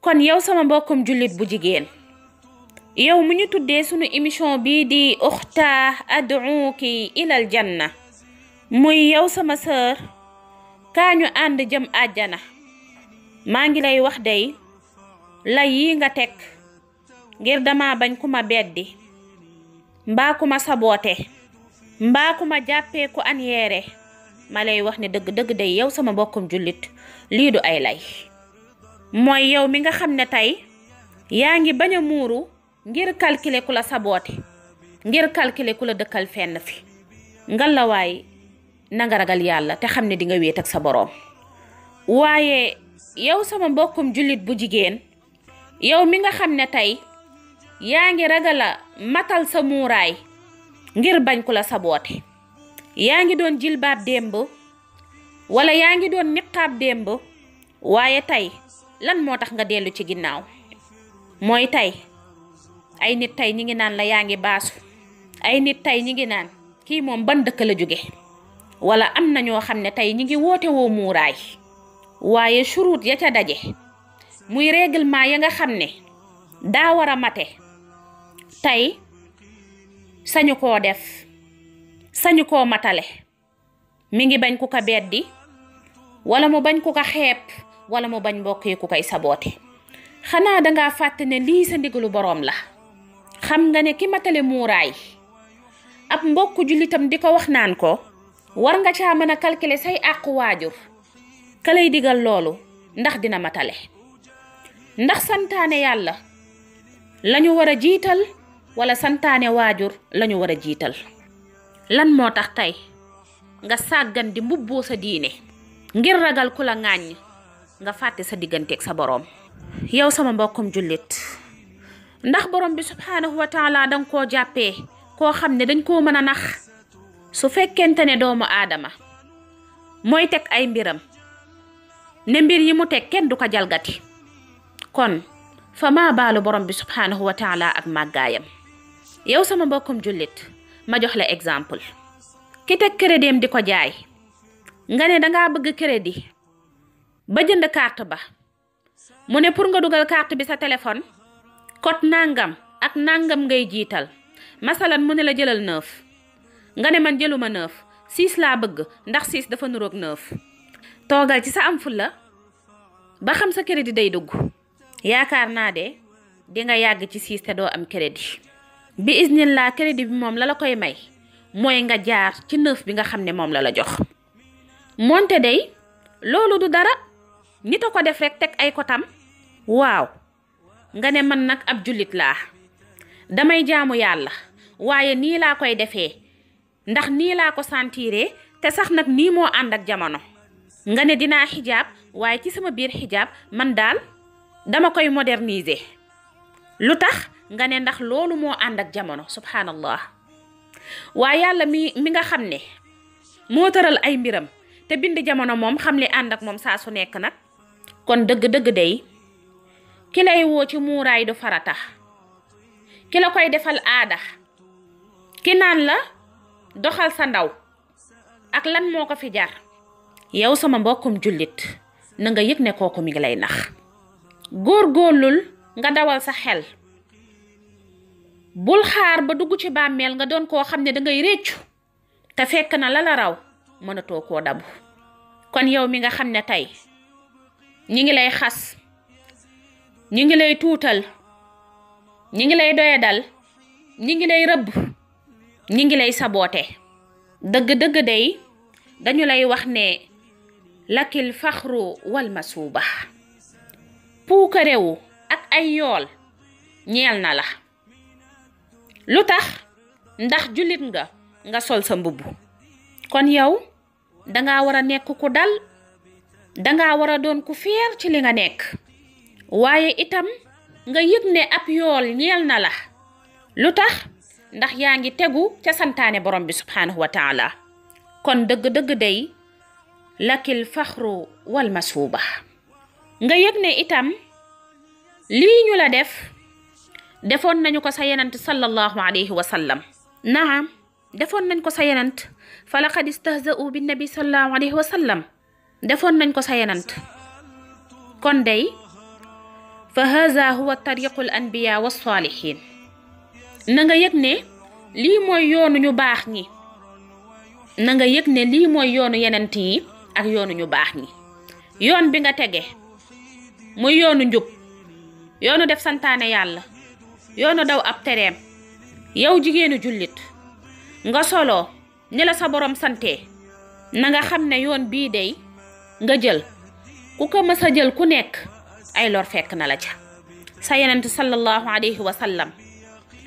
kon yow sama mbokkum jullit bu jigéen yow mu ñu tuddee sunu émission bii di uxta ad'uuki ilal janna muy yow sama sœur kaa ñu ànd jëm àjjana maa ngi lay wax day la yii nga teg ngir dama bañ ku ma beddi mbaa ku ma saboote mbaa ku ma jàppee ku an yeere ma lay wax ne dëgg dëgg day yow sama mbokkum jullit lii du ay lay mooy yow mi nga xam ne tey yaa ngi bañ a muuru ngir calculer ku la saboote ngir calculer ku la dëkkal fenn fi ngallaawaay nanga ragal yàlla te xam ne di nga wéet ak sa boroom waaye yow sama mbokkum jullit bu jigéen yow mi nga xam ne tey yaa ngi ragal matal sa muuraay ngir bañ ku la saboote yaa ngi doon jilbaab démb wala yaa ngi doon niqaab démb waaye tey lan moo tax nga dellu ci ginnaaw mooy tey ay nit tey ñi ngi naan la yaa ngi baasu ay nit tey ñi ngi naan kii moom ban dëkk la jóge wala am na ñoo xam ne tey ñi ngi woote woo muuraay waaye churuut ya ca daje muy règlement ya nga xam ne daa war a mate tey sañu koo def sañu koo matale mi ngi bañ ku ko beddi wala mu bañ ku ko xeeb wala mu bañ mbokk yi ku koy saboote xanaa danga fàtte ne lii sa ndigalu boroom la xam nga ne ki matale muuraay ab mbokk jullitam di ko wax naan ko war nga caa mën a calculer say àqu waajur ka lay digal loolu ndax dina matale ndax santaane yàlla lañu war a jiital wala santaane waajur lañu war a jiital lan moo tax tey nga sàggan di mbubboo sa diine ngir ragal ku la ŋàññ nga fàtte sa digganteek sa boroom yow sama mbokkum jullit ndax borom bi subhaanahu wa taala danga koo jàppee koo xam ne dañ koo mën a nax su fekkente ne doomu aadama mooy teg ay mbiram ne mbir yi mu teg kenn du ko jalgati kon fa maa baalu borom bi subhaanahu wa taala ak màggaayam yow sama mbokkum jullit ma jox la exemple ki teg crédit am di ko jaay nga ne danga bëgg crédit ba jënd carte ba mu ne pour nga dugal carte bi sa téléphone code nangam ak nangam ngay jiital masalan mu ne la jëlal 9 nga ne man jëluma 9 6 laa bëgg ndax 6 dafa nuroog 9 toogal ci sa am fulla ba xam sa crédit day dugg yaakaar naa de di yàgg ci 6 te doo am crédit bi isnillah crédit bi moom la la koy may mooy nga jaar ci 9 bi nga xam ne moom la la jox moonte day loolu du dara nit a ko def rek teg ay kotam waaw nga ne man nag ab jullit laa damay jaamu yàlla waaye nii laa koy defee ndax nii laa ko santiire te sax nag nii moo ànd ak jamono nga ne dinaa xijaab waaye ci sama biir xijaab man daal dama koy moderniser lu tax nga ne ndax loolu moo ànd ak jamono subhanallah waaye yàlla mi mi nga xam ne moo tëral ay mbiram te bind jamono moom xam li ànd ak moom saa su nekk nag kon dëgg-dëgg day ki lay woo ci muuraay du farata ki la koy defal aada ki naan la doxal sa ndaw ak lan moo ko fi jar yow sama mbokkum jullit na nga yëg ne kooku mi ngi lay nax góor góorgóorlul nga dawal sa xel bul xaar ba dugg ci bàmmeel nga doon koo xam ne dangay réccu te fekk na lala raw mënatoo koo dabu kon yow mi nga xam ne tey ñi ngi lay xas ñi ngi lay tuutal ñi ngi lay doyadal ñi ngi lay rëbb ñi ngi lay saboote dëgg-dëgg day dañu lay wax ne lakil faxru wal masuuba puukarewu ak ay yool ñeel na la lu tax ndax jullit nga nga sol sa mbubb kon yow danga war nekk ku dal danga war a doon ku fier ci li nga nekk waaye itam nga yëg ne ab yool ñeel na la lu tax ndax yaa ngi tegu ca santaane borom bi subhaanahu wa taala kon dëgg-dëgg day lakil faxru wal masuuba nga yëg ne itam lii ñu la def defoon nañu ko sa yenant sallallahu alayhi wa naam defoon nañ ko sa yenant fa laqad istahza'u bi nabi sallallahu alayhi wa defoon nañ ko sa yenant kon dey fa haza huwa tariqul anbiya wa saalihin na nga yëg ne lii mooy yoonu ñu baax ñi na nga yëg ne lii mooy yoonu yenent yi ak yoonu ñu baax ñi yoon bi nga tege muy yoonu njub yoonu def santaane yàlla yoonu daw ab tereem yow jigéenu jullit nga solo ni la sa borom sante na nga xam ne yoon bii dey nga jël ku ko mës jël ku nekk ay lor fekk na la ca sa yenent sallallahu alayhi wa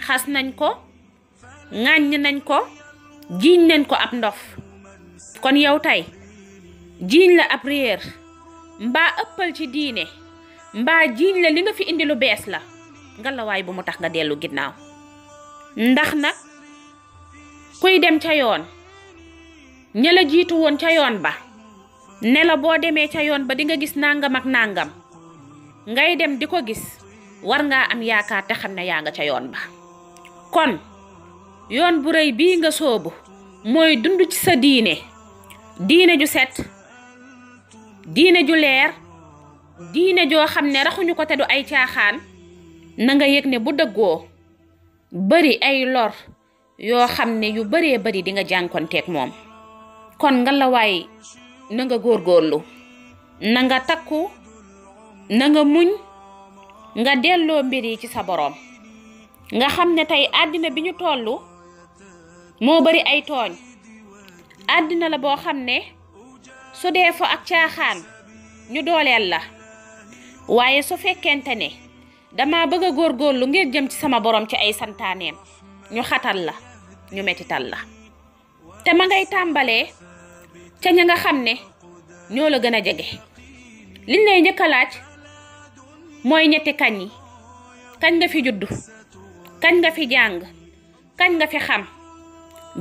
xas nañ ko ŋàññ nañ ko jiiñ nañ ko ab ndof kon yow tey jiiñ la ab réer mbaa ëppal ci diine mbaa jiiñ la li nga fi indi lu bees la ngalawaay bu mu tax nga dellu ginnaaw ndax nag kuy dem ca yoon ña la jiitu woon ca yoon ba nelaw boo demee ca yoon ba di nga gis nangam ak nangam ngay dem di ko gis war ngaa am yaakaar te xam ne yaa nga ca yoon ba kon yoon bu rëy bii nga soobu mooy dund ci sa diine diine ju set diine ju leer diine joo xam ne raxuñu ko te du ay caaxaan na nga yëg ne bu dëggoo bari ay lor yoo xam ne yu baree bari di nga jànkonteeg moom kon nga la nanga nga góorgóorlu nanga takku na nga muñ nga delloo mbir yi ci sa boroom nga xam ne tey àddina bi ñu tollu moo bari ay tooñ àddina la boo xam ne su dee fa ak caaxaan ñu dooleel la waaye su fekkente ne dama bëgg a góorlu ngir jëm ci sama boroom ci ay santaaneem ñu xatal la ñu metital la te ma ngay tàmbalee ca ña nga xam ne ñoo la gën a jege liñ lay njëkk mooy ñetti kañ yi kañ nga fi juddu kañ nga fi jàng kañ nga fi xam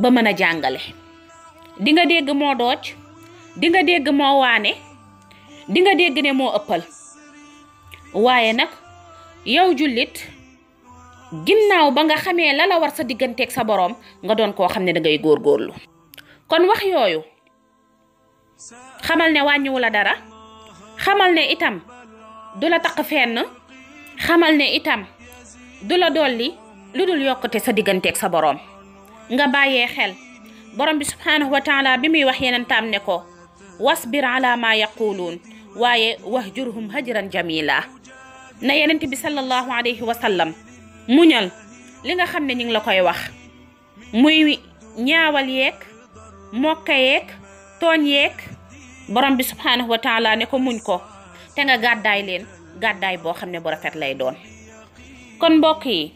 ba mën a jàngale di nga dégg moo dooj di dégg moo waane di dégg ne moo ëppal waaye nag yow jullit ginnaaw ba nga xamee la la war sa digganteeg sa borom nga doon koo xam ne dangay góorgóorlu kon wax yooyu xamal ne wàññiwu la dara xamal ne itam du la taq fenn xamal ne itam du la dolli lu dul yokkute sa digganteeg sa boroom nga bàyyee xel borom bi subhaanahu wa taala bi muy wax yeneen taam ne ko wasbir ala maa yaquluun waaye wahjurhum hajran jamila na yenent bi sallallahu alayhi wa sallam muñal li nga xam ne ñu ngi la koy wax muy ñaawal yeeg mokka yeeg tooñ yeeg borom bi subhaanahu wa taala ne ko muñ ko te nga gàddaay leen gàddaay boo xam ne bu rafet lay doon kon mbokk yi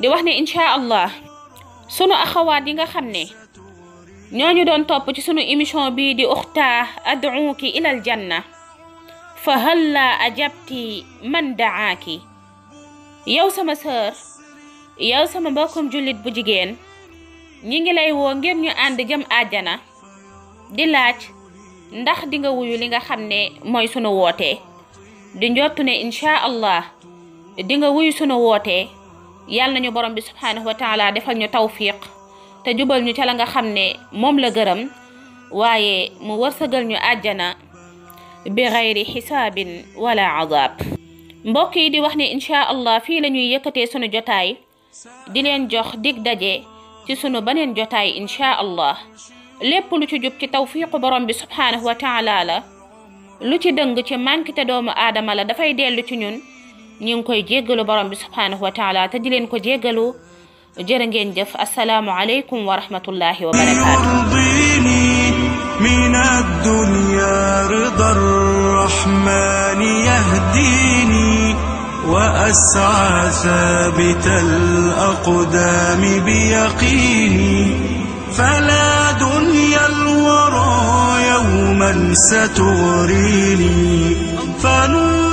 di wax ne incha allah sunu axawaat yi nga xam ne ñooñu doon topp ci sunu émission bii di uxtaa ad'uuki ilal janna fa halla ajabti man da'aaki yow sama sœur yow sama mbokkum jullit bu jigéen ñi ngi lay woo ngir ñu ànd jëm àjjana di laaj ndax dinga nga wuyu li nga xam ne mooy sunu wootee di njottu ne incha allah di nga wuyu sunu wootee yàlla nañu borom bi subhaanahu wa taala defal ñu tawfiq te jubal ñu ca la nga xam ne moom la gërëm waaye mu wërsëgal ñu àjjana bi xayri xisaabin wala azab mbokk yi di wax ne incha allah fii la ñuy yëkkatee sunu jotaay di leen jox dig daje ci sunu baneen jotaay incha allah lépp lu ci jub ci tawfiiqu borom bi subhaanahu wa taala la lu ci dëng ci mànkite doomu aadama la dafay dellu ci ñun ñu ngi koy jéggalu borom bi subhaanahu wa taala te di leen ko jéggalu jërë ngeen jëf asalaamu aleykum wa rahmatullahi wa barakaatu وأسعى ثابت الأقدام بيقيني فلا دنيا الورى يوما ستغريني فنور